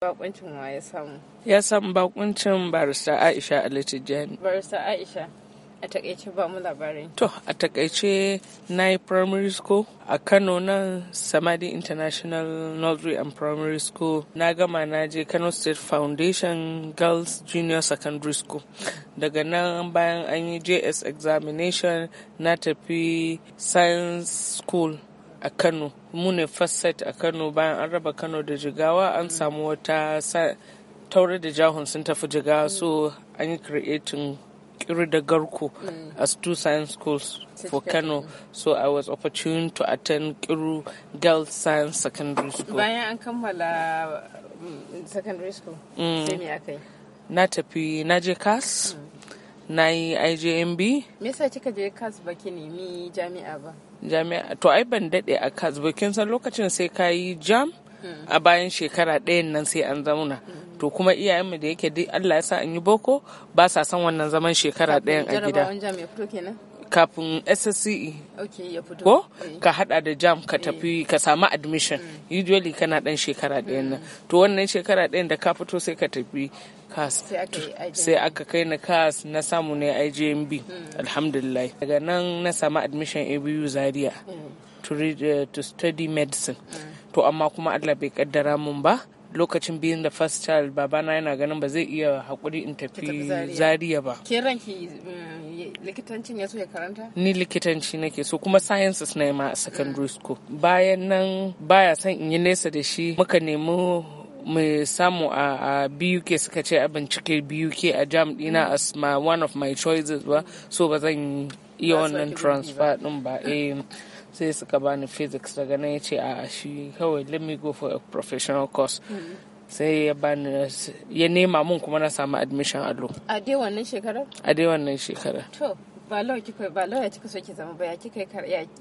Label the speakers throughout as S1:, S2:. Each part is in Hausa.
S1: Bakuncin wa ya samu?
S2: Ya samu bakuncin barista Aisha Ali Tijjani.
S1: Barista Aisha, a takaice ba mu labarin.
S2: To, a takaice na yi primary school a Kano na Samadi International Nursery and Primary School. Na gama na je Kano State Foundation Girls Junior Secondary School. Daga nan bayan an yi JS examination na tafi Science School a kano mu ne first set a kano bayan an raba kano da jigawa an samu wata taure da jahun sun tafi jigawa so an yi creating kiri da garko mm. as two science schools for kano so i was opportune to attend kiru girls science secondary school
S1: bayan an kammala mm, secondary school mm. sai me aka yi
S2: na tafi na je kas na yi IJMB.
S1: Me yasa kika je CAS ba ki nemi jami'a ba?
S2: Jami'a to ai ban dade a CAS ba kin san lokacin sai ka yi jam hmm. a bayan shekara ɗayan nan sai an zauna. Hmm. To kuma iyayenmu da yake dai Allah ya sa an yi boko ba sa son wannan zaman shekara ɗayan a gida. kafin SSCE ko eh. ka hada da jam ka eh. tafi ka samu admission mm. usually kana dan shekara ɗayan nan mm. to wannan shekara ɗayan da ka fito sai ka tafi CAS sai aka kai na CAS na samu ne IJMB mm. alhamdulillah daga nan na samu admission ABU Zaria to read eh, to study medicine to amma kuma Allah bai kaddara mun ba lokacin biyun da first child babana yana ganin ba zai iya haƙuri in tafi zariya ba.
S1: Ke ranki eh, likitancin ya so ya karanta?
S2: Ni likitanci nake so kuma sciences na ma a secondary school. Bayan nan baya son in yi nesa da shi muka nemi mai samu a BUK suka ce a bincike BUK a jam dina mm. as my one of my choices ba so ba zan iya wannan transfer din ba. Eh. sai suka bani physics daga nan ya ce a shi kawai let me go for a professional course hmm. sai ya bani ya nema mun kuma na samu admission lo
S1: a dai wannan shekarar
S2: a dai wannan shekarar
S1: to ba lawa kika ba lawa kika so ki zama ba ya kika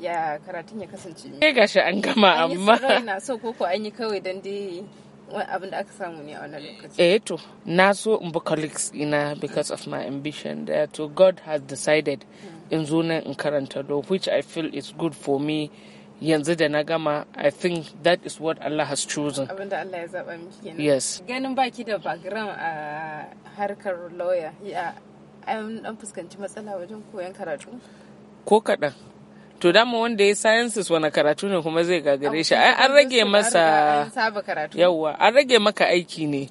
S1: ya karatun ya kasance ne eh, gashi
S2: an gama amma an yi
S1: na so koko an yi kawai dan dai abin da aka samu ne a wannan lokaci.
S2: Eh to, na so in bi colleagues ina because of my ambition that to God has decided. Mm. in zo nan in karanta do which I feel is good for me yanzu da na gama I think that is what Allah has chosen.
S1: Abinda Allah ya zaɓa miki kenan. Yes. Ganin baki da background a harkar lawyer ya an fuskanci matsala wajen koyon karatu?
S2: Ko kaɗan. to dama wanda ya sciences wani karatu ne kuma zai gagare shi an rage masa yawa an rage maka aiki ne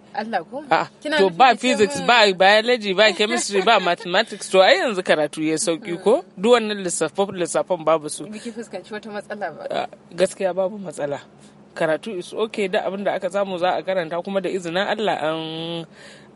S1: ah, to ba physics ba
S2: biology ba chemistry ba mathematics to ai yanzu karatu ya sauki ko duk wannan babu su ah, gaskiya babu matsala karatu is okay da abin da aka samu za a karanta kuma da izinin allah an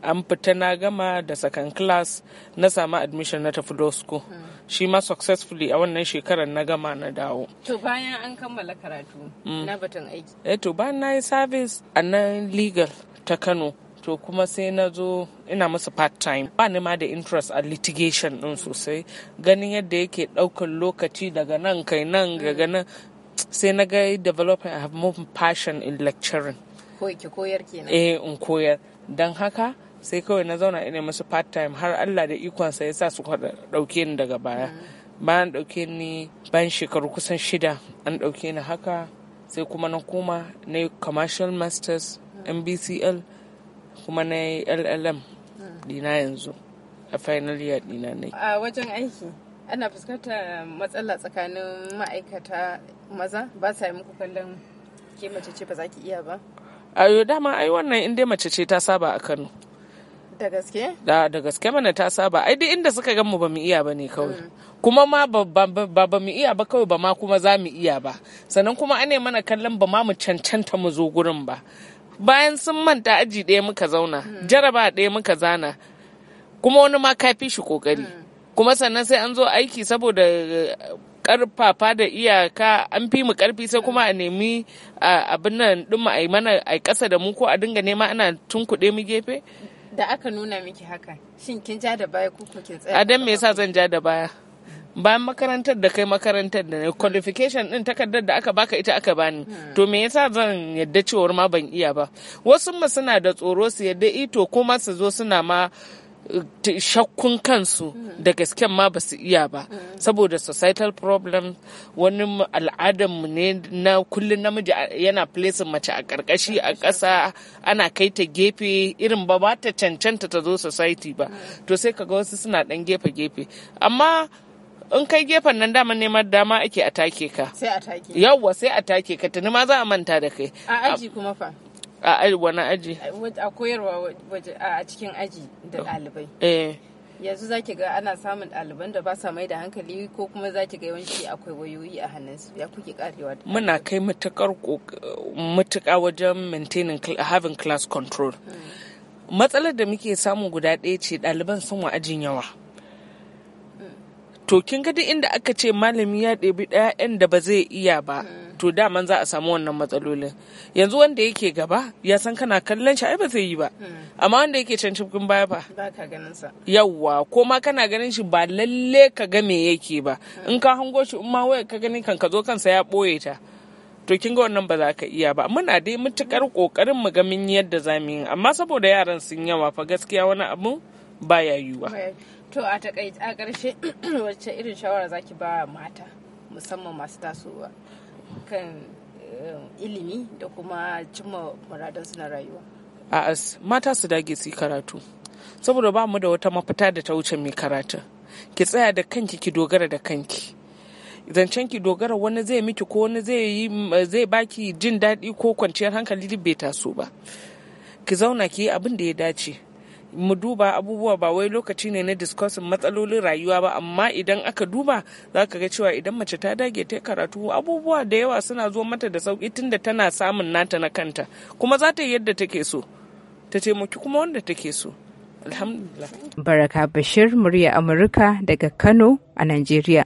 S2: an fita na gama da second class na samu admission na tafi law school hmm. shi ma successfully a wannan shekarar na gama na dawo
S1: to bayan an kammala karatu hmm. na batun aiki
S2: eh to bayan na yi service a nan legal ta kano to kuma sai na zo ina musu part time ba ni ma da interest a litigation din sosai ganin yadda yake ɗaukan lokaci daga nan kai nan daga hmm. nan sai na ga development I have more passion in lecturing
S1: ki koyar kenan eh in
S2: koyar don haka sai kawai na zauna ina musu part time har Allah da sa ya sa su dauke ni daga baya mm. bayan dauke ni ban shekaru kusan shida an dauke ni haka sai kuma na koma na commercial masters mbcl mm. kuma na llm mm. dina yanzu a final year dina ne
S1: a wajen aiki ana fuskantar matsala tsakanin ma'aikata maza ba sa yi muku kallon ke mace ce ba za ki iya ba
S2: ayo dama ai wannan in dai mace ce ta saba a kano da gaske da da gaske mana ta saba ai duk inda suka gan mu ba mu iya ba ne kawai mm. kuma ma ba ba mu iya ba kawai ba ma kuma za mu iya ba sannan kuma ane mana kallon ba ma mu cancanta mu zo gurin ba bayan sun manta aji ɗaya muka zauna mm. jaraba ɗaya muka zana kuma wani ma kafi shi kokari mm. kuma sannan sai an zo aiki saboda karfafa eh, da iyaka an fi mu karfi sai kuma a nemi abin nan din a mana a kasa da mu ko a dinga nema ana tunkuɗe mu gefe
S1: da aka nuna miki haka shin kin ja da baya ko kin tsaya a dan
S2: me yasa zan ja da baya bayan makarantar da kai makarantar da qualification din takardar da aka baka ita aka bani hmm. to me yasa zan yadda cewar ma ban iya ba wasu mu suna da tsoro su yadda ito eh kuma su zo suna ma shakkun kansu mm. da gasken ma ba su iya ba mm. saboda societal problem wani al'adarmu ne na kullum namiji yana placing mace a karkashi a ƙasa ana kai ta gefe irin ba ta cancanta ta zo society ba mm. to sai kaga wasu suna ɗan gefe-gefe amma in kai gefen nan dama neman dama ake atake ka yawwa sai atake ka tuni ma za a manta da kai a aji kuma fa a wani aji
S1: a koyarwa a cikin aji da oh. ɗalibai eh. yanzu za ki ga ana samun ɗaliban da ba sa mai da hankali ko kuma za ki ga yawanci akwai wayoyi a hannunsu ya kuke karewa da
S2: muna kai matuƙa wajen maintaining having class control hmm. matsalar da muke samu guda ɗaya ce ɗaliban sun wa ajin yawa hmm. to kin ga duk inda aka ce malami ya ɗebi ɗayan da ba zai iya ba hmm. to daman za a samu wannan matsalolin yanzu wanda yake gaba ya san kana kallon shi ai ba zai yi ba hmm. amma wanda yake can cikin baya ba yawwa ko ma kana ganin shi ba lalle ka ga me yake ba hmm. in ka hango shi in ma waya ka gani kan ka zo kansa ya boye ta to kin ga wannan ba za ka iya ba muna dai mutukar kokarin mu ga mun yadda za mu yi amma saboda yaran sun yawa fa gaskiya wani abu baya yiwuwa
S1: to a takaice a ƙarshe wacce irin shawara zaki ba mata musamman masu tasowa kan eh, ilimi da kuma cimma muradansu na rayuwa
S2: a mata su dage su yi karatu saboda ba mu da wata mafita da ta wuce mai karatu ki tsaya da kanki ki dogara da kanki zancen ki dogara wani zai miki ko wani zai yi zai baki jin daɗi ko kwanciyar hankali bai taso ba ki zauna ki yi abin da ya dace mu duba abubuwa ba wai lokaci ne na discussing matsalolin rayuwa ba amma idan aka duba za ka ga cewa idan mace ta dage ta karatu abubuwa da yawa suna zo mata da sauki tunda tana samun nata na kanta kuma za ta yi yadda take so ta taimaki kuma wanda take so alhamdulillah
S1: baraka bashir murya amurka daga kano a nigeria.